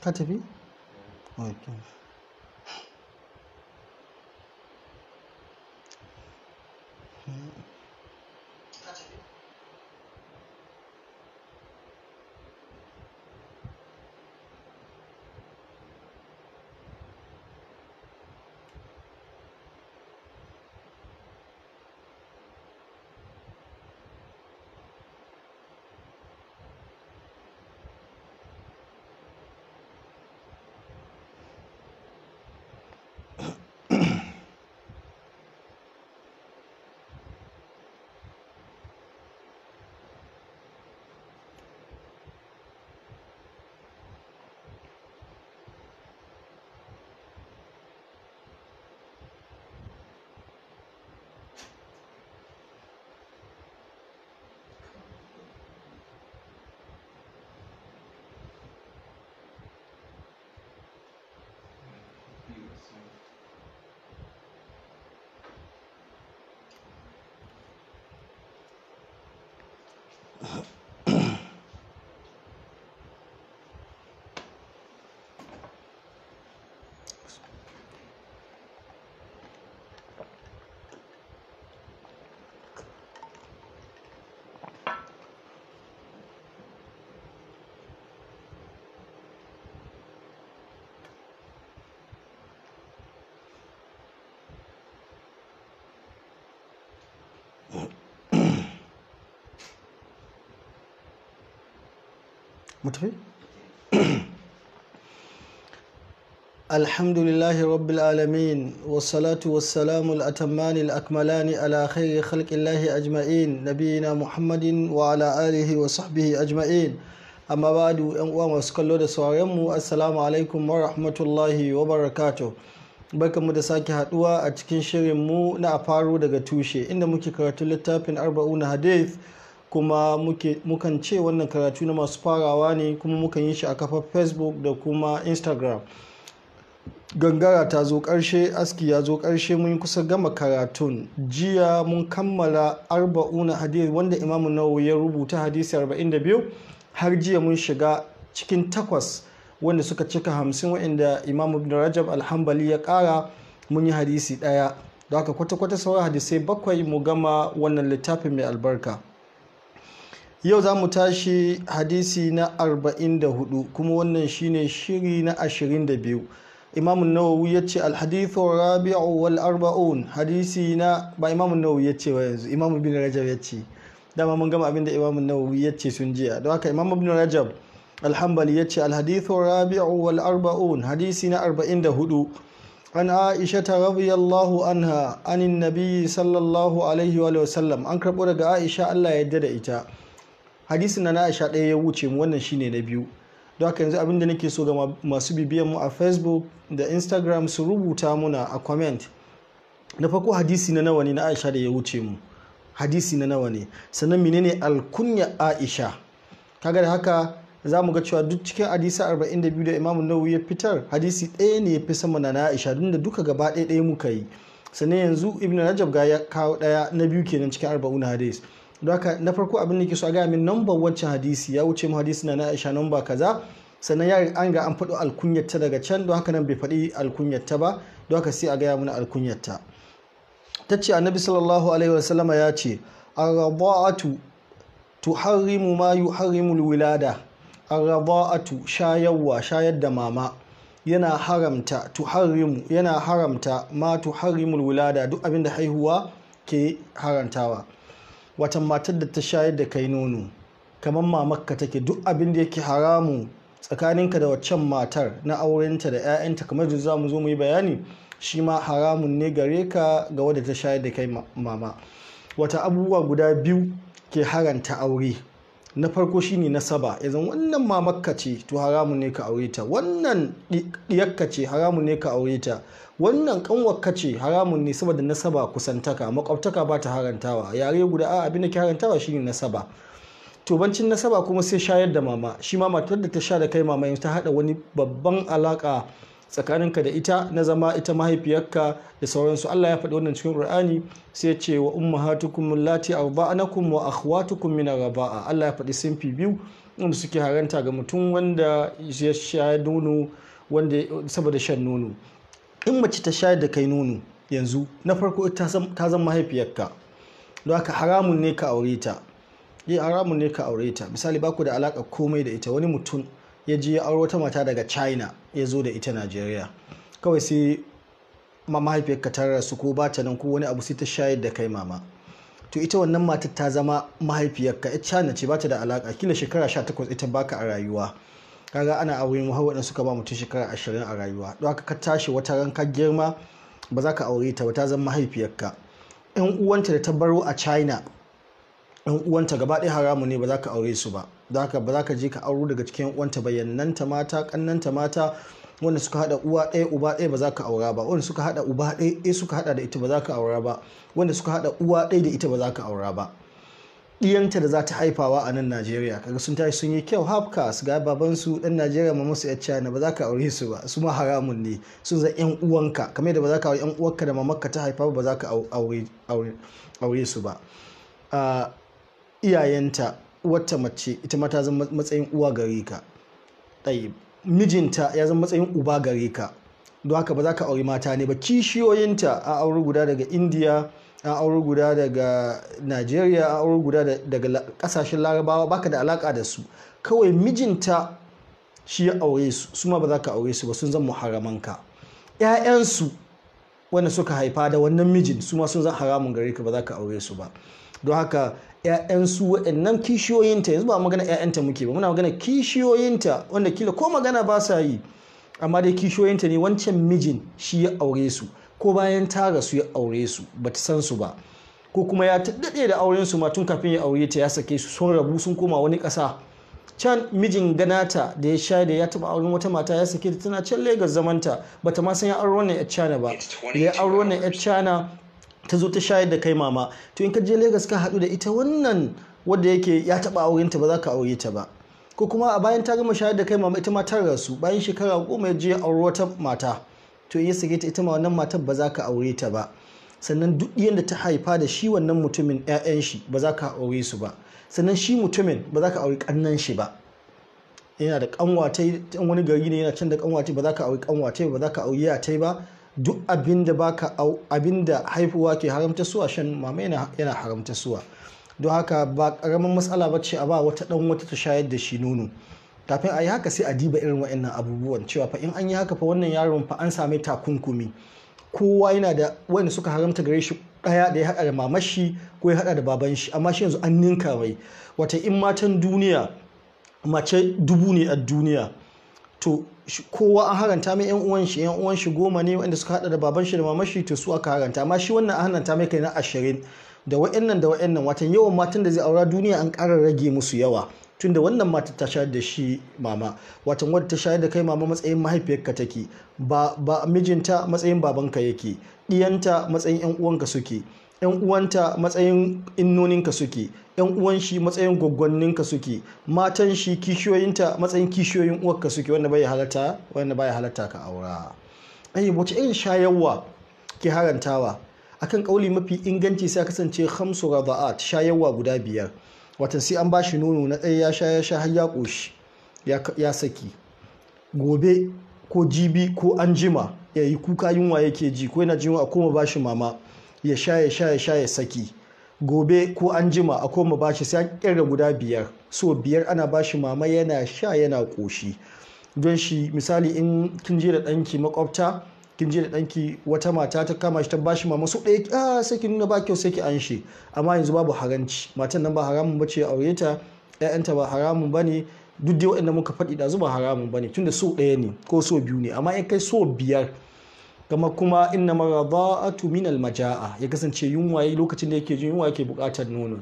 Start TV. mutufi alhamdulillahi rabbil alamin wasalatu wasalamu al'atammani al'akmalani ala khairi khalqillahi ajma'in nabiyina muhammadin wa ala alihi wa sahbihi ajma'in amma ba'du yan uwa masu kallo da sauraron mu assalamu alaikum wa rahmatullahi wa barakatuh mu da sake haduwa a cikin shirin mu na a faro daga tushe inda muke karatu littafin arba'u na hadith kuma mukan ce wannan karatu na masu farawa ne kuma mukan yi shi a kafar facebook da kuma instagram gangara ta zo karshe aski ya zo karshe mun kusa gama karatun jiya mun kammala arba'u na hadith wanda imamu nawawi ya rubuta hadisi 42 har jiya mun shiga cikin takwas wanda suka cika hamsin wa'inda imam ibn rajab alhambali ya kara mun yi hadisi ɗaya da aka kwata-kwata sauran hadisai bakwai mu gama wannan littafin mai albarka yau za mu tashi hadisi na 44 kuma wannan shine shiri na 22 imam nawawi ya ce alhadithu rabi'u wal arba'un hadisi na ba imam nawawi ya ce yanzu imam ibn rajab ya ce dama mun gama abinda imam nawawi ya ce sun jiya don haka imam ibn rajab alhambali ya ce alhadithu rabi'u wal arba'un hadisi na arba'in da hudu an aisha ta radiyallahu anha anin nabiyyi sallallahu alaihi wa sallam an karɓo daga aisha allah ya yarda da ita hadisin na aisha ɗaya ya wuce mu wannan shine na biyu don haka yanzu abinda nake so ga masu bibiyan mu a facebook da instagram su rubuta muna a comment na farko hadisi na nawa ne na aisha da ya wuce mu hadisi na nawa ne sannan menene alkunya aisha kaga da haka za mu ga cewa duk cikin hadisi 42 da imamu nawawi ya fitar hadisi ɗaya ne ya fi sama na aisha duk da duka gaba ɗaya ɗaya muka yi sannan yanzu ibn rajab ga ya kawo ɗaya na biyu kenan cikin arba'u hadis don na farko abin da ke so a gaya min number wancan hadisi ya wuce mu hadisi na aisha number kaza sannan ya an ga an faɗo alkunyarta daga can don haka nan bai faɗi alkunyarta ba don sai a gaya mana alkunyarta ta ce annabi sallallahu alaihi wasallama ya ce tu tuharrimu ma harimu wilada arrada'atu shayarwa shayar da mama yana haramta tuharrimu yana haramta ma tuharrimul wulada duk abin da haihuwa ke harantawa wata matar da ta shayar da kai nono kamar mamakka take duk abin da yake haramu tsakaninka da waccan matar na aurenta da 'ya'yanta kamar da za mu zo mu yi bayani shi ma haramun ne gare ka ga wadda ta shayar da kai mama wata abubuwa guda biyu ke haranta aure na farko shine nasaba idan wannan mamakka ce to haramun ne ka aure ta wannan diyakka ce haramun ne ka aure ta wannan kanwakka ce haramun ne saboda nasaba kusantaka makwabtaka ba ta harantawa yare guda a abin da ke harantawa shine nasaba to bancin nasaba kuma sai shayar da mama shi ma matar da ta sha da kai mama ta hada wani babban alaka tsakaninka da ita na zama ita mahaifiyarka da sauransu Allah ya faɗi wannan cikin Qur'ani sai ce wa ummahatukum allati arba'anakum wa akhwatukum min arba'a Allah ya faɗi fi biyu wanda suke haranta ga mutum wanda ya sha nono wanda saboda shan nono in mace ta shayar da kai nono yanzu na farko ta zama mahaifiyarka don haka haramun ne ka aure ta yi eh, haramun ne ka aure ta misali baku da alaka komai da ita wani mutum ya je ya auro wata mata daga china ya zo da ita najeriya kawai sai ma mahaifiyarka ta su ko ba ta nan ko wani abu sai ta shayar da kai mama to ita wannan matar ta zama mahaifiyarka ya china ce ba ta da alaka kila shekara 18 ita baka a rayuwa kaga ana aure mu muhawwadin suka ba mutum shekara ashirin a rayuwa don haka ka tashi wata ran ka girma ba za ka aure ta ba ta zama ka yan uwanta da ta baro a china yan uwanta gaba ɗaya haramu ne ba za ka aure su ba da ba za ka je ka auro daga cikin uwanta ta mata kannanta mata wanda suka hada uwa ɗaya uba ɗaya ba za ka aura ba wanda suka hada uba ɗaya eh, suka hada da ita ba za ka aura ba wanda suka hada uwa ɗaya da ita ba za ka aura ba ɗiyanta da za ta haifawa a nan najeriya kaga sun tashi sun yi kyau hafka su ga babansu ɗan najeriya ma musu yan na ba za ka aure su ba su ma haramun ne sun za yan uwanka kamar yadda ba za ka aure yan uwanka da mamakka ta haifa ba za ka aure su ba ah, iyayenta wata mace ita ma ta zama matsayin uwa gare ka mijinta ya zama matsayin uba gare ka don haka ba za ka auri mata ne ba kishiyoyinta a auri guda daga indiya a auri guda daga nigeria a auri guda daga kasashen larabawa baka da alaka da su kawai mijinta shi ya aure su su ma ba za ka aure su ba sun zan muharamanka ‘ya'yansu wanda suka haifa da wannan mijin su ma sun zan haramun gare ka ba za ka aure su ba don haka 'ya'yansu waɗannan kishiyoyinta yanzu ba magana 'ya'yanta muke ba muna magana kishiyoyinta wanda kila ko magana ba sa yi amma dai kishiyoyinta ne wancan mijin shi ya aure su ko bayan tara su ya aure su ba ta san su ba ko kuma ya daɗe da auren su ma tun kafin ya aure ta ya sake su sun rabu sun koma wani ƙasa can mijin ganata da ya sha da ya taɓa auren wata mata ya sake ta tana can Legas zamanta Ba ta ma san ya aure wannan ya cana ba ya aure wannan 'yar cana ta zo ta shayar da kai mama to in ka je Legas ka haɗu da ita wannan wanda yake ya taɓa aurenta ba za ka aure ta ba ko kuma a bayan ta gama shayar da kai mama ita ma ta rasu bayan shekara goma ya je aure wata mata to ya sake ta ita ma wannan matar ba za ka aure ta ba sannan duk da ta haifa da shi wannan mutumin 'ya'yan shi ba za ka aure su ba sannan shi mutumin ba za ka aure kannan shi ba yana da kanwatai wani gari ne yana can da kanwatai ba za ka aure kanwatai ba za ka aure yatai ba duk abinda baka da haifuwa ke haramta suwa shan mama yana haramta suwa don haka ba karamin matsala ba ce a ba wata dan wata ta shayar da shi nono kafin a yi haka sai a diba irin wa'annan abubuwan cewa fa in an yi haka fa wannan yaron fa an same takunkumi kowa yana da wanda suka haramta gare shi daya da ya hada da mamashi ko ya hada da baban shi amma shi yanzu an ninka mai wata in matan duniya mace dubu ne a duniya to kowa an haranta mai yan uwan shi yan uwan shi goma ne wanda suka hada da baban shi da mamashi shi to su aka haranta amma shi wannan an haranta mai kai na ashirin da wa'annan da wa'annan watan yawan matan da zai aura duniya an kara rage musu yawa tunda wannan mata ta shayar da shi mama watan wadda ta shayar da kai mama matsayin mahaifiyarka take ba ba mijinta matsayin babanka yake diyanta matsayin yan uwanka suke 'yan uwanta matsayin innoninka suke yan uwan shi matsayin gwaggwanninka suke matan shi kishiyoyinta matsayin kishiyoyin uwarka suke wanda bai halatta wanda bai halatta ka aura ai wace irin shayarwa ke harantawa akan kauli mafi inganci sai kasance khamsu rada'at shayarwa guda biyar watan sai an bashi nono na ɗaya ya sha ya sha har ya koshi ya saki gobe ko jibi ko anjima yayi yi kuka yunwa yake ji ko yana jin a koma bashi mama ya sha ya sha ya saki gobe ko an jima a koma bashi sai an kirga guda biyar so biyar ana bashi mama yana sha yana koshi. don shi misali in kin je da danki makwabta kin je da danki wata mata ta kama shi ta bashi mama su ɗaya a ah, sai ki nuna ba kyau sai ki an shi amma yanzu babu haranci matan nan ba haramun ba ce aure ta ƴaƴanta ba haramun ba ne duk dai waɗanda muka faɗi da zuba haramun ba ne tunda so ɗaya ne ko so biyu ne amma in kai so biyar gama kuma inna marada'atu min almaja'a ya kasance yunwa lokacin da yake jin yunwa yake bukatar nono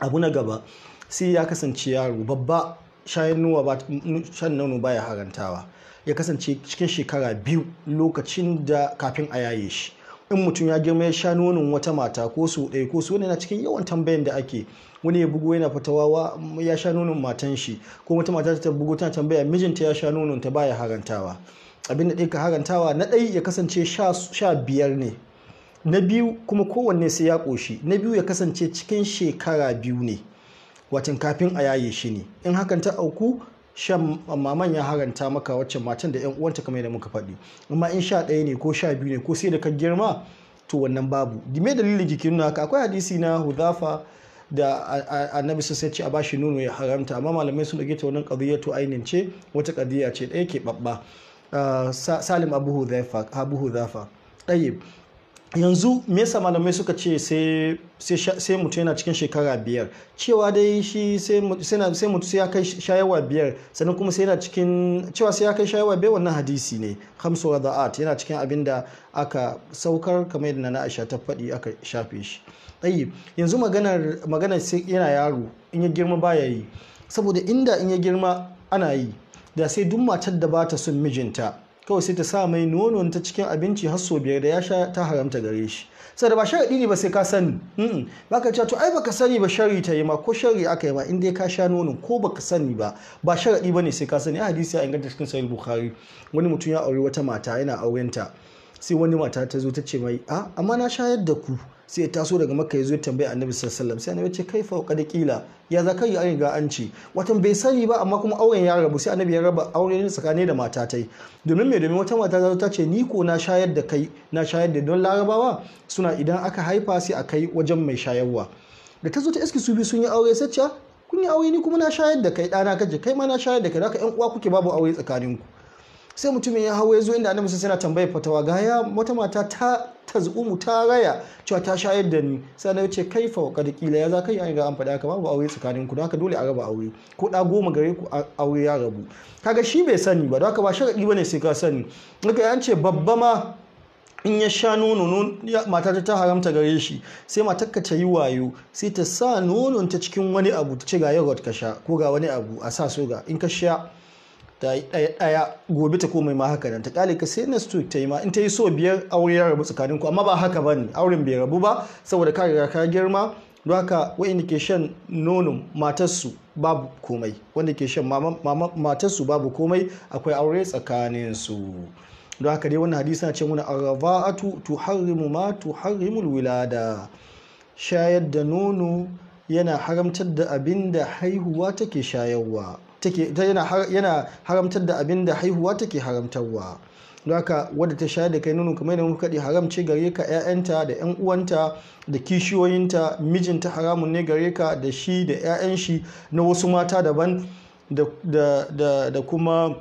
abu na gaba sai ya kasance yaro babba shayin nono baya harantawa ya kasance cikin shekara biyu lokacin da kafin a yaye shi in mutum ya girma ya sha nonon wata mata ko su ɗaya ko su wani na cikin yawan tambayan da ake wani ya bugo yana fitawa ya sha nonon matan shi ko wata mata ta bugo tana tambaya mijinta ya sha nonon ta baya harantawa abin da ɗaya ka harantawa na ɗai ya kasance sha biyar ne na biyu kuma kowanne sai ya ƙoshi na biyu ya kasance cikin shekara biyu ne watan kafin a yaye shi ne in hakan ta auku shan maman ya haranta maka waccan matan da 'yan uwanta kamar yadda muka faɗi amma in sha ɗaya ne ko sha biyu ne ko sai da ka girma to wannan babu dime dalilin jikin nuna haka akwai hadisi na hudafa da annabi sun sai ce a bashi nono ya haramta amma malamai sun ɗauke ta wannan ƙadiyya to ainihin ce wata ƙadiyya ce ɗaya ke babba Ah, salim abu hudhafa ɗaye yanzu me yasa malamai suka ce sai mutu yana cikin shekara biyar cewa dai shi sai mutu sai ya kai shayarwa biyar sannan kuma sai yana cikin cewa sai ya kai shayarwa biyar wannan hadisi ne hamsu art yana cikin abin da aka saukar kamar yadda na aisha ta faɗi aka shafe shi ɗayi yanzu maganar maganar yana yaro in ya girma baya yi saboda inda in ya girma ana yi da sai duk matar da bata son mijinta kawai sai ta sa mai nonon ta cikin abinci har sau biyar da ya sha ta haramta gare shi sai da ba sharaɗi ne ba sai ka sani ba ka to ai baka sani ba shari ta yi ma ko shari aka yi ma in dai ka sha nonon ko baka sani ba ba sharaɗi ba ne sai ka sani a hadisi ya inganta cikin sahih bukhari wani mutum ya aure wata mata yana aurenta sai wani mata ta zo ta ce mai a ah, amma na shayar da ku sai ya taso daga makka ya zo tambaya annabi sallallahu sai annabi ce kai fa qila ya za kai an ga an ce watan bai sani ba amma kuma auren ya rabu sai annabi ya raba auren ne tsakani da mata tai domin me domin wata mata ta ce ni ko na shayar da kai na shayar da don larabawa suna idan aka haifa sai a kai wajen mai shayarwa da ta zo ta iski su bi sun yi aure sai kun yi aure ni kuma na shayar da kai dana kaje kai ma na shayar da kai haka yan uwa kuke babu aure tsakaninku sai mutumin ya hawo ya zo inda annabi sai yana tambayar fatawa ga ya wata mata ta tazumu ta raya cewa ta shayar da ni sai na ce kai fa kada kila ya za kai an ga an faɗa ka babu aure tsakanin ku haka dole a raba aure ko da goma gare ku aure ya rabu kaga shi bai sani ba don haka ba sharadi bane sai ka sani haka an ce babba ma in ya sha nono mata ta haramta gare shi sai matarka ta yi wayo sai ta sa nonon ta cikin wani abu ta ce ga yogurt ka sha ko ga wani abu a sa soga in ka sha ta yi ɗaya ɗaya gobe ta komai ma haka nan ta ka sai na ta yi ma in ta yi so biyar aure ya rabu tsakanin ku amma ba haka ba ne auren bai rabu ba saboda ka riga ka girma don haka wa'inda ke shan nono matarsu babu komai wanda ke shan matarsu babu komai akwai aure tsakaninsu don haka dai wannan hadisi na ce muna arraba'atu tuharrimu ma tuharrimul wilada shayar da nono yana haramtar da abin da haihuwa take shayarwa yana haramtar da abin da haihuwa take haramtarwa haka wadda ta shayar da kai nono kamar yana muka kaɗi haramci gare ka 'ya'yanta da 'yan uwanta da kishiyoyinta mijinta haramun ne gare ka da shi da 'ya'yan shi na wasu mata daban da kuma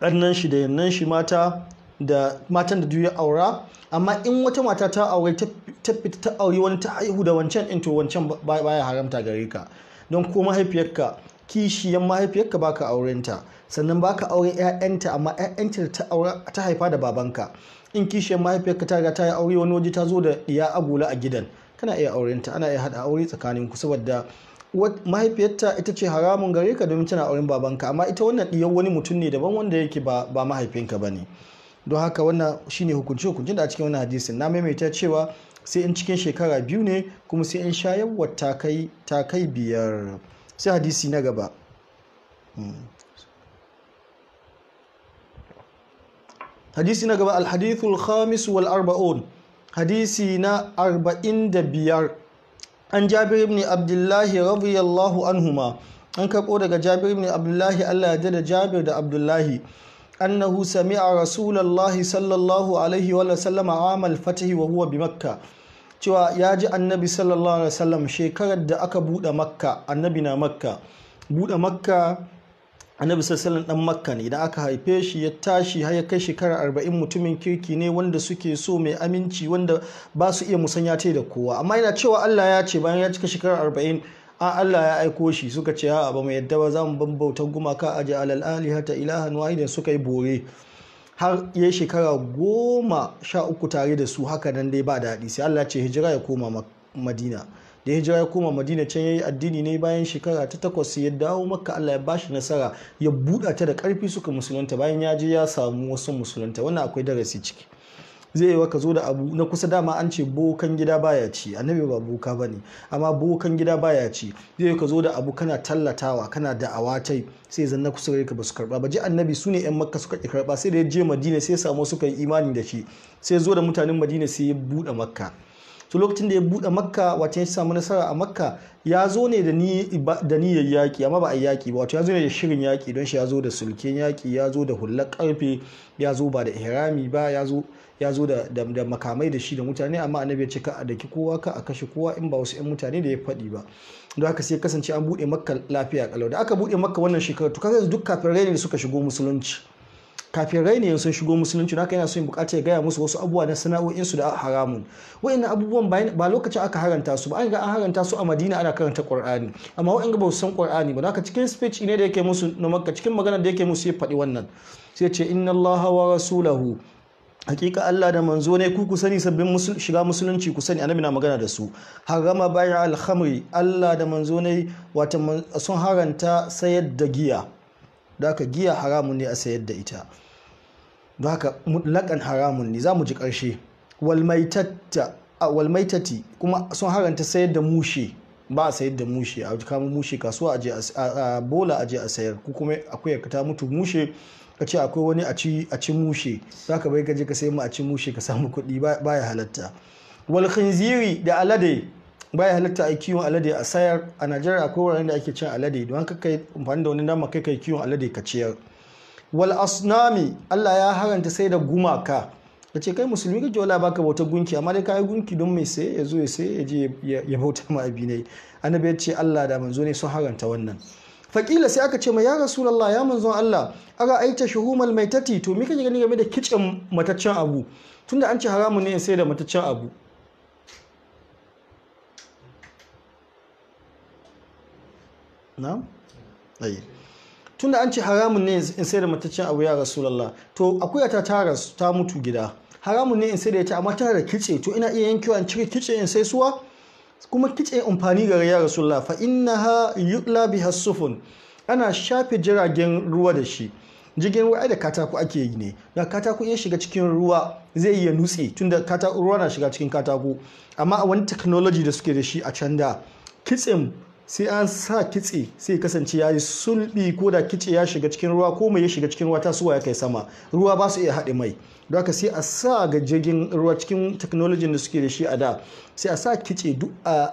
ɗannan shi da yannan shi mata da matan da duya aura amma in wata mata ta aure ta fita ta aure wani ta haihu da wancan in wancan baya haramta gare ka don ko mahaifiyarka mahaifiyar mahaifiyarka baka aurenta sannan baka aure 'ya'yanta amma 'ya'yanta ta haifa da babanka in mahaifiyar mahaifiyarka ta riga ta yi aure wani waje ta zo da ya agula a gidan kana iya aurenta ana iya hada aure tsakanin ku saboda mahaifiyarta ita ce haramun gare ka domin tana auren babanka amma ita wannan ɗiyar wani mutum ne daban wanda yake ba mahaifinka ba ne don haka wannan shine hukunci hukuncin da a cikin wannan hadisin na maimaita cewa sai in cikin shekara biyu ne kuma sai in sha ta kai biyar sai hadisi na gaba hmm. hadisi na gaba alhadithul khamis wal arba'un hadisi na arba'in da biyar an jabir ibn abdullahi radiyallahu anhuma an karɓo daga jabir ibn abdullahi allah ya da jabir da abdullahi annahu sami'a rasulallahi sallallahu alaihi wa sallama amal fatahi wa huwa bi makka cewa ya ji annabi sallallahu alaihi wasallam shekarar da aka buɗe makka annabi na makka buɗe makka annabi sallallahu dan makka ne idan aka haife shi ya tashi har ya kai shekara arba'in mutumin kirki ne wanda suke so mai aminci wanda ba su iya musanya tai da kowa amma yana cewa Allah ya ce bayan ya cika shekara arba'in a Allah ya aiko shi suka ce a'a ba mu yadda ba za mu bambauta gumaka a ja'alal alihata ilahan wahidin suka yi bore har ya shekara goma sha uku tare da su haka nan dai ba daɗi sai Allah ce hijira ya koma madina da hijira ya koma madina can ya yi addini ne bayan shekara ta takwas ya dawo maka Allah ya bashi nasara ya buɗa ta da ƙarfi suka musulunta bayan ya je ya samu wasu musulunta wannan akwai darasi ciki zai yi ka zo da abu na kusa dama an ce bokan gida baya ci annabi ba boka ne amma bokan gida baya ci zai yi ka zo da abu kana tallatawa kana da awatai sai zan na kusa ka ba su karba ba ji annabi su ne yan makka suka ki karba sai da ya je madina sai samu suka yi imani da shi sai zo da mutanen madina sai ya buɗe makka to lokacin da ya bude makka wace ya samu nasara a makka ya zo ne da niyyar yaki amma ba a yaki ba wato ya zo ne da shirin yaki don shi ya zo da sulken yaki ya zo da hullar karfe ya zo ba da ihrami ba ya zo da makamai da shi da mutane amma annabi ya ce ka a daki kowa ka a kashe kowa in ba wasu 'yan mutane da ya faɗi ba don haka sai kasance an bude makka lafiya kalau da aka bude makka wannan shekarar to kaga duk kafirai ne da suka shigo musulunci kafirai ne sun shigo musulunci haka yana son bukata ya gaya musu wasu abubuwa na su da haramun wa'in abubuwan ba lokacin aka haranta su ba an ga an haranta su a madina ana karanta qur'ani amma wa'anga ba su san qur'ani ba haka cikin speech ne da yake musu na makka cikin magana da yake musu ya faɗi wannan sai ce inna allaha wa rasulahu hakika Allah da manzo ne ku ku sani sabbin shiga musulunci ku sani annabi na magana da su harama bayan al Allah da manzo ne wato sun haranta sayar da giya da haka giya haramun ne a sayar da ita da haka mutlakan haramun ne za mu ji ƙarshe walmaitati kuma sun haranta sayar da mushe ba a sayar da mushe a kama mushe kasuwa a bola a je a sayar ko kuma akwai ka ta mutu mushe ka ce akwai wani a ci mushe za ka bai ka je ka sayi mu a ci mushe ka samu kuɗi ya halatta wal khinziri da alade baya halitta a kiwon alade a sayar a najeriya akwai wuraren da ake cin alade don ka kai amfani da wani nama kai kai kiwon alade ka ciyar wal asnami allah ya haranta sai da gumaka da ce kai musulmi kake wala baka bauta gunki amma dai kayi gunki don mai sai ya zo ya sai ya je ya bauta ma abinai annabi ya ce allah da manzo ne sun haranta wannan faƙila sai aka ce ma ya rasulallah ya manzon Allah aga aita shuhumal maitati to me kake gani game da kicin mataccen abu tunda an ce haramun ne sai da mataccen abu na tunda an ce haramun ne in sai da mataccen abu ya lalla to akwai ta tara ta mutu gida haramun ne in sai da ita amma tana da kice to ina iya yankewa in cire kice in sai suwa kuma kice amfani ga ya rasulullah fa ha yutla biha sufun ana shafe jiragen ruwa da shi jirgin ruwa da katako ake yi ne da katako ya shiga cikin ruwa zai iya nutse tunda katako ruwa na shiga cikin katako amma a wani technology da suke da shi a can da kitsen sai an sa kitse sai kasance ya yi sulbi ko da kitse ya shiga cikin ruwa ko mai ya shiga cikin ruwa ta suwa ya kai sama ruwa ba su iya haɗe mai don sai a sa ga jirgin ruwa cikin teknolojin da suke da shi a da sai a sa kitse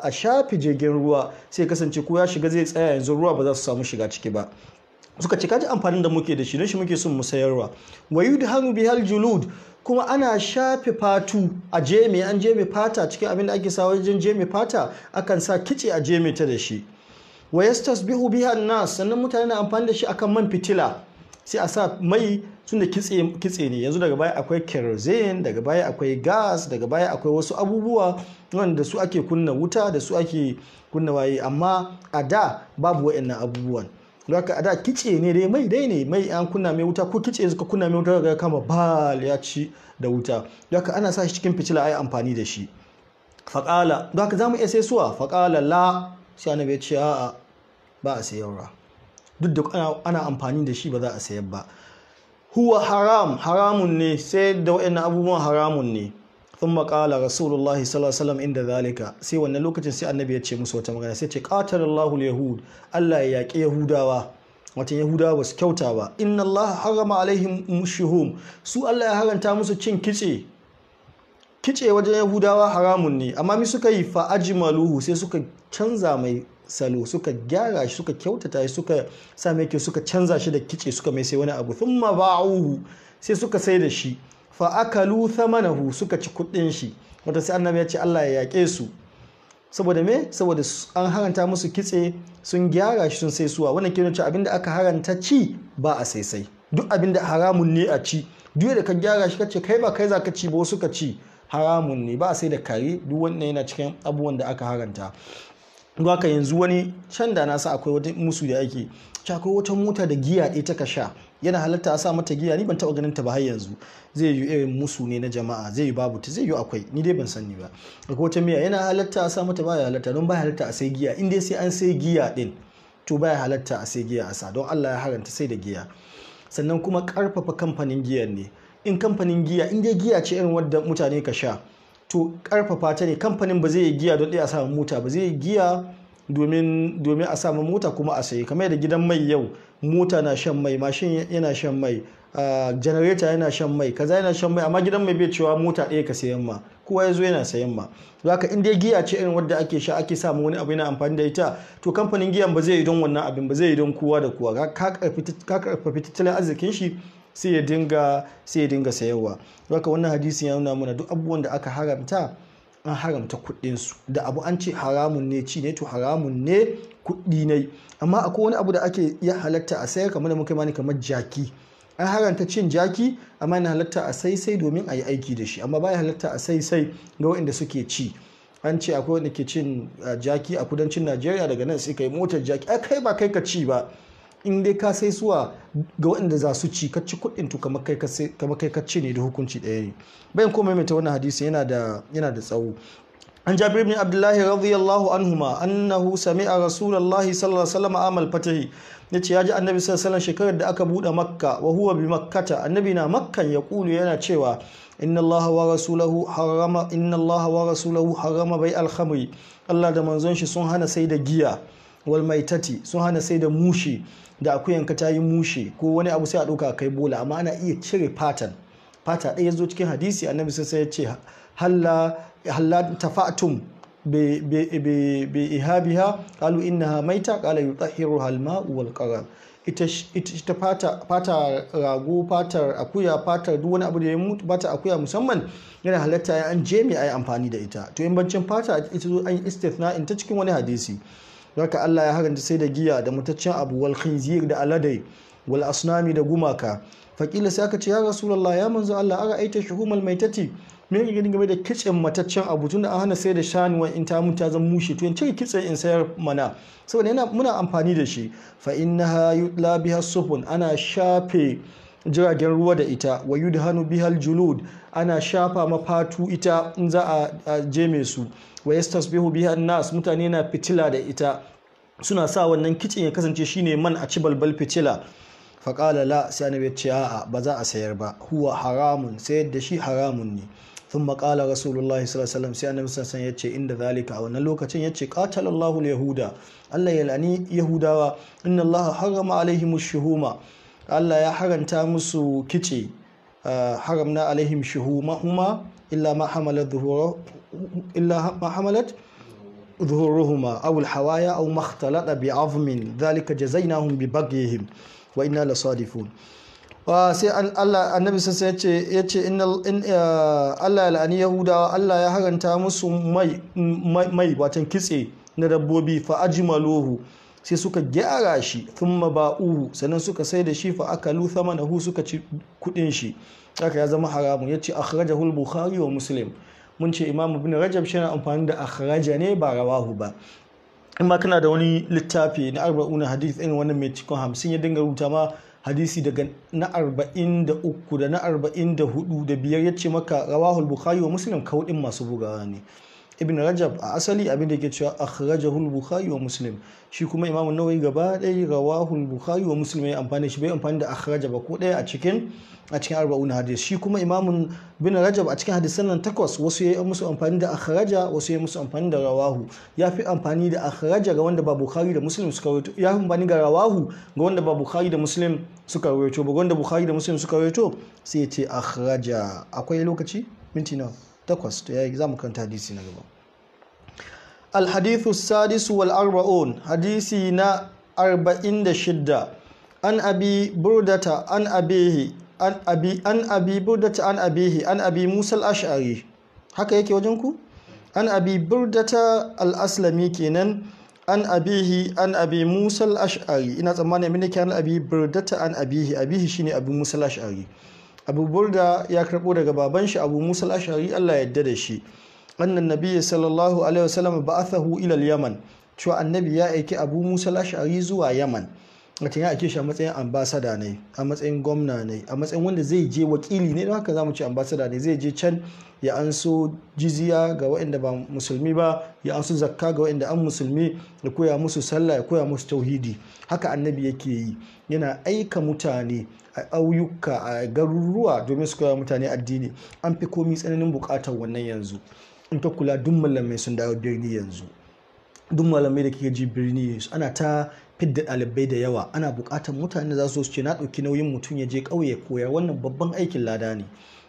a shafi jirgin ruwa sai kasance ko ya shiga zai tsaya yanzu ruwa ba za su samu shiga ciki ba suka ce kaji amfanin da muke da shi shi muke son mu sayarwa wa yudhanu bihar julud kuma ana shafe fatu a jeme an jeme fata cikin abin da ake sa wajen jeme fata akan sa kici a jeme ta da shi wa bihu biha nas sannan mutane na amfani da shi akan man fitila sai a sa mai tun da kitse ne yanzu daga baya akwai kerosene daga baya akwai gas daga baya akwai wasu abubuwa wanda su ake kunna wuta da su ake kunna waye amma a da babu wa'annan abubuwan haka a da kice ne dai mai dai ne mai an kunna mai wuta ko kice suka kunna mai wuta ga kama bal ya ci da wuta haka ana sa shi cikin fitila ai amfani da shi faƙala don za iya sai suwa faƙala la sai annabi ya ce a'a ba a sayarwa duk da ana amfani da shi ba za a sayar ba huwa haram haramun ne sai da waɗannan abubuwan haramun ne thumma makala rasulullahi sallallahu alaihi inda zalika sai wannan lokacin sai annabi ya ce musu wata magana sai ce qatalallahu yahud Allah ya yaƙi yahudawa wata yahudawa ba kyauta ba inna allaha harama alaihim mushuhum su Allah ya haranta musu cin kitse kice wajen yahudawa haramun ne amma mi suka yi fa maluhu sai suka canza mai salo suka gyara shi suka kyautata shi suka sa mai suka canza shi da kice suka mai sai wani abu thumma ba'uhu sai suka sai da shi fa thamanahu suka ci kudin shi wata sai annabi ya ce Allah ya yaƙe su saboda me saboda an haranta musu kitse sun gyara shi sun sai suwa wannan ke nuna abinda aka haranta ci ba a sai sai duk abinda haramun ne a ci duk da ka gyara shi kace kai ba kai zaka ci ba wasu ka ci haramun ne ba sai da kare duk wannan yana cikin abubuwan da aka haranta haka yanzu wani can da nasa akwai wata musu da ake ce wata mota da giya ɗaya ta kasha yana halatta a sa mata giya ni ban taɓa ganin ta ba har yanzu zai yi irin musu ne na jama'a zai yi babu ta zai yi akwai ni dai ban sani ba akwai wata miya yana halatta a sa mata baya halatta don baya halatta a sai giya in dai sai an sai giya ɗin to baya halatta a sai giya a sa don Allah ya haranta sai da giya sannan kuma karfafa kamfanin giyan ne in kamfanin giya in dai giya ce irin wadda mutane ka sha to karfafa ta ne kamfanin ba zai yi giya don ɗaya a samu mota ba zai yi giya domin a samu mota kuma a sayi kamar yadda gidan mai yau mota na shan mai mashin yana shan mai janareta yana shan mai kaza yana shan mai amma gidan mai bai cewa mota ɗaya ka sayan ma kowa ya zo yana sayan ma zaka in dai giya ce irin wadda ake sha ake samu wani abu yana amfani da ita to kamfanin giyan ba zai yi don wannan abin ba zai yi don kowa da kowa ka karfafi tattalin arzikin shi sai ya dinga sai ya dinga sayarwa haka wannan hadisin ya nuna mana duk abubuwan da aka haramta an haramta kuɗinsu da abu an ce haramun ne ci ne to haramun ne kuɗi ne amma akwai wani abu da ake iya halatta a sayar kamar da muka mani kamar jaki an haramta cin jaki amma yana halatta a sai sai domin a yi aiki da shi amma baya halatta a sai sai ga waɗanda suke ci an ce akwai wanda ke cin eh, jaki a kudancin najeriya daga nan sai kai motar jaki ai kai ba kai ka ci ba in dai ka sai suwa ga waɗanda za su ci ka ci kuɗin tu kamar kai ka ce ne da hukunci ɗaya ne bayan ko maimaita wannan hadisi yana da tsawo an jabir ibn abdullahi radiyallahu anhuma annahu sami'a rasulullahi sallallahu alaihi wasallam amal fatahi yace ya ji annabi sallallahu alaihi shekarar da aka buɗe makka wa huwa bi makkata annabi na makkan ya kulu yana cewa inna allaha wa rasulahu harama inna allaha wa bai al Allah da manzon shi sun hana sai da giya walmaitati sun hana sai da mushe da akuyanka ta yi mushe ko wani abu sai a ɗauka kai bola amma ana iya cire fatan fata ɗaya zo cikin hadisi annabi sai sai ya ce halla tafatum bi ihabiha qalu innaha maita qala yutahhiruha al-ma'u wal qarar ita fata fata rago fatar akuya fatar duk wani abu da ya mutu fata akuya musamman yana halatta ya an jemi ayi amfani da ita to in bancin fata ita zo an istithna in ta cikin wani hadisi haka Allah ya haranta sai da giya da mutaccen abu wal khinzir da aladai wal asnami da gumaka faƙila sai aka ce ya rasulullah ya manzo Allah ara aita shuhumal tati. me yake gani game da kitsen mataccen abu tunda an hana sai da shanu in ta mutu zan mushe to yanci kitsen in sayar mana saboda yana muna amfani da shi fa innaha yutla biha sufun ana shafe jiragen ruwa da ita wa yudhanu bihal julud ana shafa mafatu ita in za a je mai su wa yastasbihu biha nas mutane na fitila da ita suna sa wannan kicin ya kasance shine man a ci balbal fitila faƙala la sai annabi ce a'a ba za a sayar ba huwa haramun sayar da shi haramun ne sun maƙala rasulullahi sallallahu sai annabi sassan ya ce inda zalika a wannan lokacin yace ce qatalallahu yahuda Allah ya lani yahudawa inna Allah harrama alaihim shuhuma Allah ya haranta musu kice haramna alaihim shuhumahuma illa ma hamalat illa ma hamalat ظهورهما أو الحوايا أو ما اختلط بعظم ذلك wa ببغيهم وإنا لصادفون sai Allah annabi sassa ya ce Allah ya la'ani Yahudawa Allah ya haranta musu mai watan kitse na dabbobi fa ajmaluhu sai suka gyara shi ba uhu sannan suka sai da shi fa akalu thamanahu suka ci kudin shi aka ya zama haramun yace akhrajahu al-bukhari wa muslim mun ce imam ibn rajab shi na amfani da akhraja ne ba rawahu ba in ma kana da wani littafi na arba'una hadith irin wannan mai cikin hamsin ya dinga rubuta ma hadisi daga na arba'in da uku da na arba'in da hudu da biyar ya ce maka rawahul bukhari wa muslim kaudin masu bugawa ne ibn rajab a asali abin da ke cewa akhrajahu bukhari wa muslim shi kuma imamun nawawi gaba ɗaya rawahul bukhari wa muslim ya amfani shi bai amfani da akhraja ba ko ɗaya a cikin a cikin arba'un hadis shi kuma imamun bin rajab a cikin hadisan nan takwas wasu ya musu amfani da akhraja wasu ya musu amfani da rawahu ya fi amfani da akhraja ga wanda ba bukhari da muslim suka rawaito ya fi amfani ga rawahu ga wanda ba bukhari da muslim suka rawaito ba wanda bukhari da muslim suka rawaito sai ya ce akhraja akwai lokaci minti nawa takwas to yayi za mu karanta hadisi na gaba الحديث السادس والأربعون حديثنا أربعين شدة عن أبي بردة عن أبيه عن أبي عن أبي بردة عن أبيه عن أبي موسى الأشعري haka yake wajen ku an abi burdata al kenan an abihi an abi musa al-ash'ari ina tsammanin abin da ke abi burdata an abihi abihi shine abu musa al-ash'ari abu burda ya karɓo daga baban shi abu Allah ya yarda da shi annan nabiyyi sallallahu alaihi wasallam ba'athahu ila yaman cewa annabi ya aiki abu musa lashari zuwa yaman wata ya ake shi a matsayin ambasada ne a matsayin gwamna ne a matsayin wanda zai je wakili ne don haka zamu ce ambasada ne zai je can ya anso jiziya ga waɗanda ba musulmi ba ya anso zakka ga waɗanda an musulmi ya koya musu sallah ya koya musu tauhidi haka annabi yake yi yana aika mutane a auyuka a garuruwa domin su koya mutane addini an fi komi tsananin bukatar wannan yanzu in ka kula duk malamai sun dawo birni yanzu duk malamai da kike ji birni yanzu ana ta fidda ɗalibai da yawa ana buƙatar mutane za su ce na ɗauki nauyin mutum ya je ya koya wannan babban aikin lada ne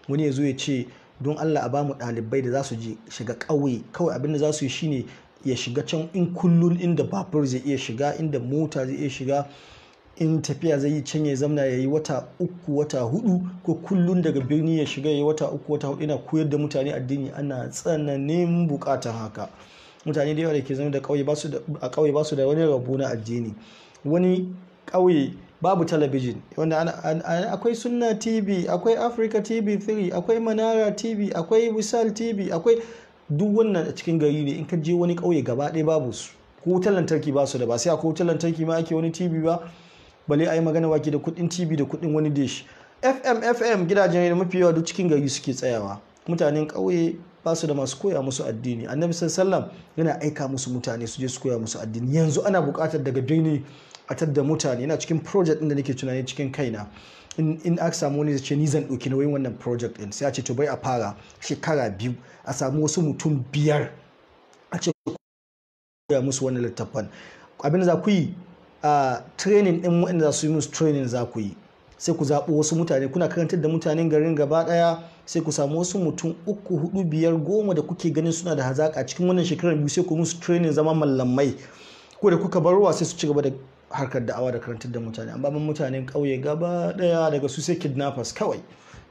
wani ya zo ya ce don allah a bamu ɗalibai da za su je shiga ƙauye kawai abin da za su yi shine ya shiga can in kullun inda babur zai iya shiga inda mota zai iya shiga in tafiya zai yi can ya zamna ya yi wata uku wata hudu ko kullum daga birni ya shiga ya yi wata uku wata hudu ina koyar da mutane addini ana tsananin bukatan haka mutane da yawa da ke zama da a ƙauye ba su da wani rabo na addini wani ƙauye babu talabijin wanda akwai sunna tv akwai africa tv 3 akwai manara tv akwai wisal tv akwai duk wannan a cikin gari ne in ka je wani ƙauye gaba ɗaya babu su ko wutar lantarki ba su da ba sai akwai wutar lantarki ma ake wani tv ba bale a yi magana wake da kuɗin tv da kuɗin wani dish fm fm gidajen yana mafi yawa duk cikin gari suke tsayawa mutanen kauye ba su da masu koya musu addini annabi sallam yana aika musu mutane su je su koya musu addini yanzu ana buƙatar daga birni a tadda mutane yana cikin project ɗin da nake tunani cikin kaina in aka samu wani ce ni zan ɗauki nauyin wannan project ɗin sai a ce to bai a fara shekara biyu a samu wasu mutum biyar a ce koya musu wannan littattafan abin da za ku yi training din waɗanda za su yi musu training za ku yi sai ku zaɓi wasu mutane kuna karantar da mutanen garin gaba ɗaya sai ku samu wasu mutum uku hudu biyar goma da kuke ganin suna da hazaƙa cikin wannan shekarar biyu sai ku musu training zama mallamai ko da kuka bar ruwa sai su ci gaba da harkar da'awa da karantar da mutane amma ban mutanen kauye gaba ɗaya daga su sai kidnappers kawai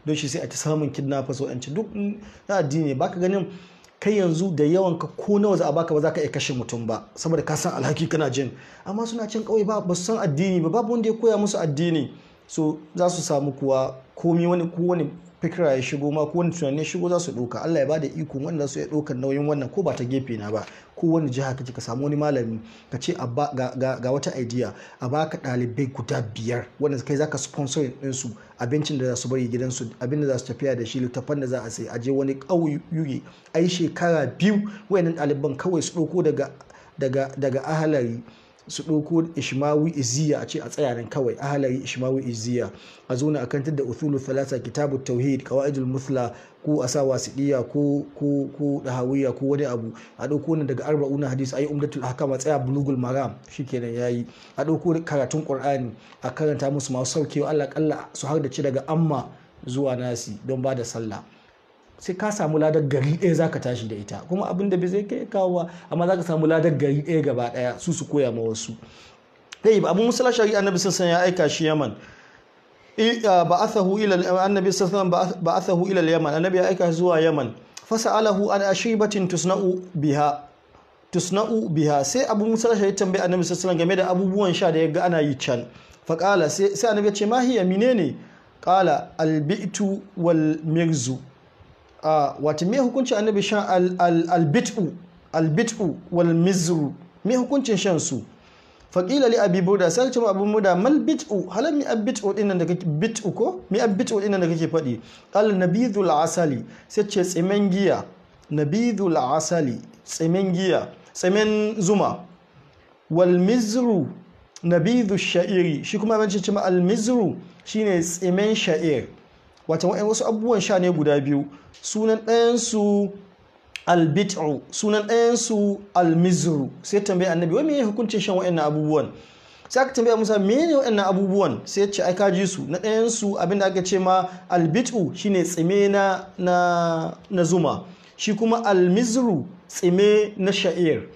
don shi sai a ta samun kidnappers wa'anci duk na addini baka ganin kai yanzu da yawan ka ko nawa za a baka ba za ka iya kashe mutum ba saboda ka san alhaki kana jin amma suna cin kauye ba ba su san addini ba babu wanda ya koya musu addini so za su samu kuwa komi ko wani fikira ya shigo ma ko wani tunani shigo za su ɗauka Allah ya bada iko wanda su ya ɗaukar nauyin wannan ko ba ta gefe na ba ko wani jiha kake ka samu wani malami ka ce ga wata idea a baka ɗalibai guda biyar wanda kai zaka sponsor din su abincin da za su bari gidansu abin da za su tafiya da shi littafan da za a sai aje wani ƙauye ai shekara biyu wayannan ɗaliban kawai su ɗauko daga daga daga ahalari su ɗauko ishmawi iziya a ce a tsayarin kawai a ahalari ishmawi iziya a na akantar da usulun thalatha kitabu tauhid qawaidul musla ko a sa wasiɗiya ko ko ko wani abu a ɗauko ne daga arba'una hadis ayi umdatul ahkam a tsaya bulugul maram shikenan yayi a ɗauko karatun qur'ani a karanta musu masu wa Allah kalla su har da ci daga amma zuwa nasi don ba da sallah sai ka samu ladar gari ɗaya za ka tashi da ita kuma abin da bai zai kai kawowa amma za ka samu ladar gari ɗaya gaba ɗaya su su koya ma wasu dai ba abin musala shari'a annabi sassan ya aika shi yaman ba'athahu ila annabi sassan ba'athahu ila yaman annabi ya aika zuwa yaman fasa'alahu an ashibatin tusna'u biha tusna'u biha sai abu shari'a ya tambaye annabi sallallahu game da abubuwan sha da ya ga ana yi can fa sai annabi ya ce ma hiya menene qala albi'tu wal mirzu wata me hukuncin annabi shan albit'u albit'u wal mizru me hukuncin shan su faƙila li abi da sai ce abu muda mal bit'u halan mi abit'u din nan da kake bit'u ko mi abit'u din nan da kake faɗi al nabidul asali sai ce tsimen giya nabidul asali tsimen giya tsimen zuma wal mizru nabidu sha'iri shi kuma ban ce al mizru shine tsimen sha'ir wata wa'yan wasu abubuwan sha ne guda biyu sunan ɗayansu albit'u sunan ɗayansu almizru sai tambayi annabi wai meye hukuncin shan wa'yan abubuwan sai aka tambaya musa menene na abubuwan sai ya ce ai kaji su na ɗayansu abinda aka ce ma albit'u shine tsime na na zuma shi kuma almizru tsime na sha'ir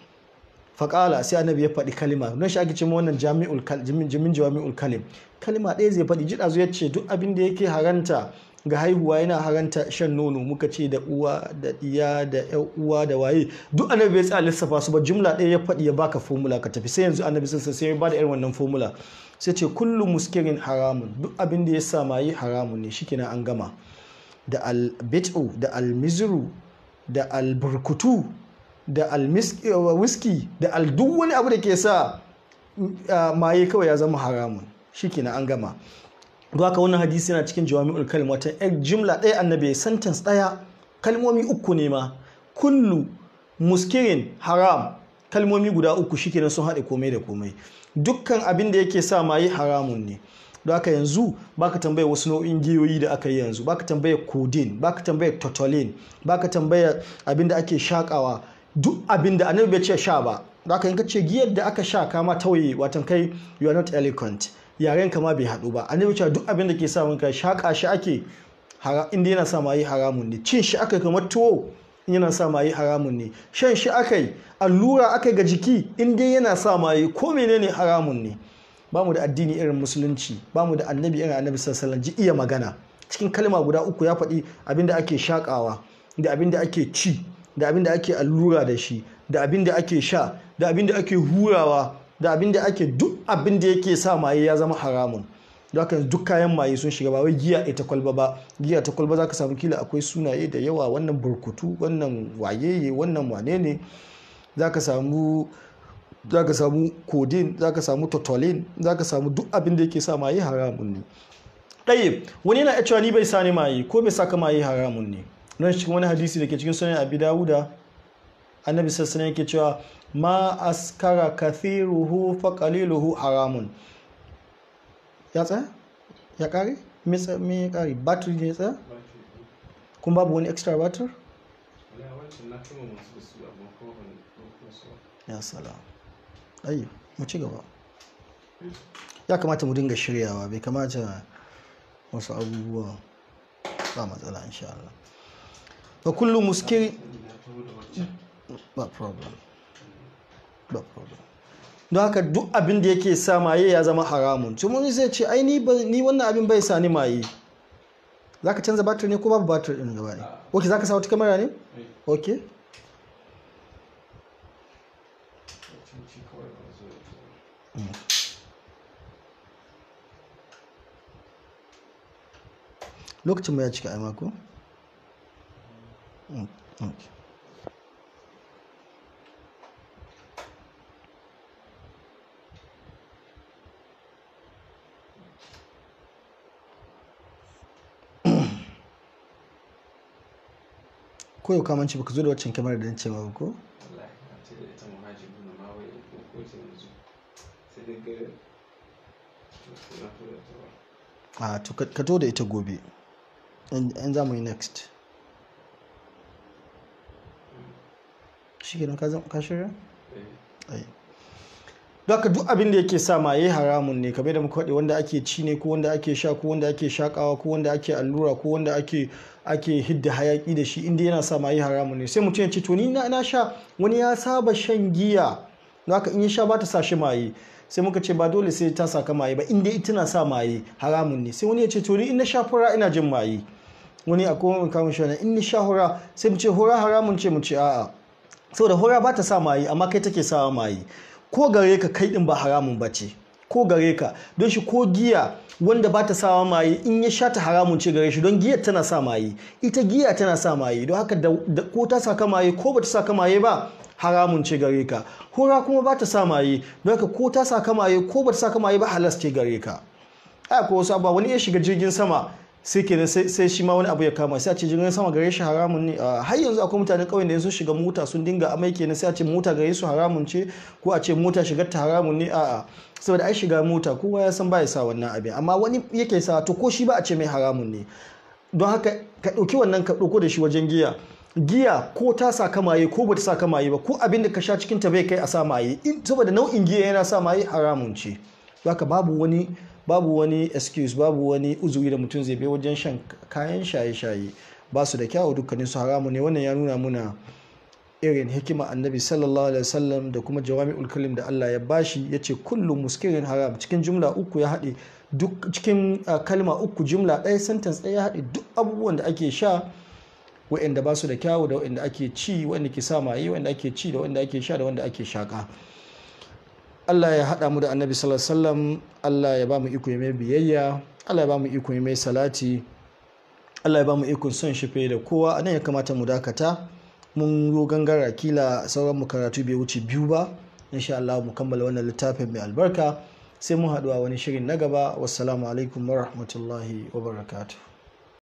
faƙala sai annabi ya faɗi kalima don shi ake cewa wannan jimin jami'ul kalim kalima ɗaya zai faɗi jiɗa ya ce duk abin da yake haranta ga haihuwa yana haranta shan nono muka ce da uwa da iya da yan uwa da waye duk annabi ya tsaya lissafa su ba jumla ɗaya ya faɗi ya baka formula ka tafi sai yanzu annabi sun sai ya bada irin wannan formula sai ce kullum muskirin haramun duk abin da ya samayi haramun ne shikenan an gama da albit'u da al da alburkutu. da alwiski eh, da alduk wani abu da ke sa mm, ah, maye kawai ya zama haramun shi kenan an gama haka wannan hadisi yana cikin jawami'ul kalim wata jimla ɗaya annabi sentence ɗaya kalmomi uku ne ma kullu muskirin haram kalmomi guda uku shi kenan sun haɗe komai da komai dukkan abin da yake sa maye haramun ne don haka yanzu baka tambaya wasu nau'in giyoyi da aka yi yanzu baka tambaya codeine baka tambaya totolin baka tambaya abin da ake shakawa duk abin da annabi bai ce sha ba da ka yanka ce giyar da aka sha kama tauye watan kai you are not eloquent yaren kama bai haɗu ba annabi ce duk abin da ke samun kai shaƙa shi ake inda yana sa ma yi haramun ne cin shi aka kamar tuwo yana sa ma yi haramun ne shan shi aka yi allura aka ga jiki inda yana sa ma yi ko menene haramun ne ba mu da addini irin musulunci ba mu da annabi irin annabi sallallahu alaihi ji iya magana cikin kalma guda uku ya faɗi abinda ake shakawa da abin da ake ci da abin da ake allura da shi da abin da ake sha da abin da ake hurawa da abin da ake duk abin da yake sa maye ya zama haramun haka duk kayan maye sun shiga ba wai giya ita kwalba ba giya ta kwalba za ka samu kila akwai sunaye da yawa wannan burkutu wannan wayeye wannan wane ne za ka samu ka samu za ka samu totolin ka samu duk abin da yake sa maye haramun ne ɗaya wani yana cewa ni bai sa ni maye ko bai saka maye haramun ne nan cikin wani hadisi da ke cikin sunan abi dawuda annabi sassanin yake cewa ma askara kathiruhu fa qaliluhu haramun ya tsaya ya kare me ya kare battery ne ya tsaya kun babu wani extra batir? ya sala ayi mu ci gaba ya kamata mu dinga shiryawa bai kamata wasu abubuwa ba matsala insha Allah ba kullu muskiri ba problem ba problem don haka duk abin da yake sa maye ya zama haramun mun zai ce ai ni wannan abin bai sa ni maye za ka canza batir ne ko babu batir ɗin gaba ne okay za ka sa wata kamera ne okay lokacin mu ya cika ai mako ko yau kamanci baka zo da waccan kyamarar da cewa ba ko? a ah, to ka to da ita gobe in za mu yi next shi kenan ka shirya? Eh. Eh. Daka duk abin da yake sa maye haramun ne kamar da muka faɗi wanda ake ci ne ko wanda ake sha ko wanda ake shakawa ko wanda ake allura ko wanda ake ake hidda hayaki da shi inda yana sa maye haramun ne sai mutum ya ce to ni na sha wani ya saba shan giya haka in ya sha ba ta sa shi maye sai muka ce ba dole sai ta saka maye ba inda ita na sa maye haramun ne sai wani ya ce to ni in na sha fura ina jin maye wani a kowane kamun shi in na sha hura sai mu ce hura haramun ce mu ce a'a da hura ba ta sa mayi amma kai take sawa mayi ko gare ka kai din ba haramun ba ce ko gare ka don shi ko giya wanda ba ta sawa maye in ya sha ta haramun ce gare shi don giya tana sa maye ita giya tana sa mayi don haka ko ta saka maye ko ba ta saka maye ba haramun ce gare ka hora kuma ba ta sa maye don haka ko ta saka maye ko ba ta saka maye ba halas ce gare ka ai ko wasu abubuwa wani ya shiga jirgin sama sai kenan sai shi ma wani abu ya kama sai a ce jirgin sama gare shi haramun ne ah, har yanzu akwai mutane kauyen da sun shiga mota sun dinga amai kenan sai a ce mota gare su haramun ce ko a ce mota shigar ta haramun ne a'a saboda ai shiga mota kowa ya san baya sa wannan abin amma wani yake sa to ko shi ba a ce mai haramun ne don haka ka ɗauki wannan ka ɗauko da shi wajen giya giya ko ta sa ka maye ko bata sa ka maye ba ko abin da ka sha cikin ta bai kai a sa maye saboda nau'in giya yana sa maye haramun ce haka babu wani babu wani excuse babu wani uzuri da mutum zai bai wajen shan kayan shaye-shaye ba su da kyawu dukkanin su haramu ne wannan ya nuna muna irin hikima annabi sallallahu alaihi wasallam da kuma jawami ulkalim da Allah ya bashi ya ce kullum muskirin haram cikin jumla uku ya haɗe duk cikin ah, kalma uku jumla ɗaya sentence ɗaya ya haɗe duk abubuwan da ake sha wa'anda ba su da kyawu da wa'anda ake ci wa'anda ke sa maye wa'anda ake ci da wa'anda ake sha da wa'inda ake shaƙa. Allah ya haɗa mu da annabi sallallahu alaihi Allah ya ba mu iko mai biyayya Allah ya ba mu iko mai salati Allah ya ba mu ikon son shi da kowa anan ya kamata mu dakata mun yi gangara kila sauran mu karatu bai wuce biyu ba insha Allah mu kammala wannan littafin mai albarka sai mun haɗu a wani shirin na gaba wassalamu alaikum wa rahmatullahi wa barakatuh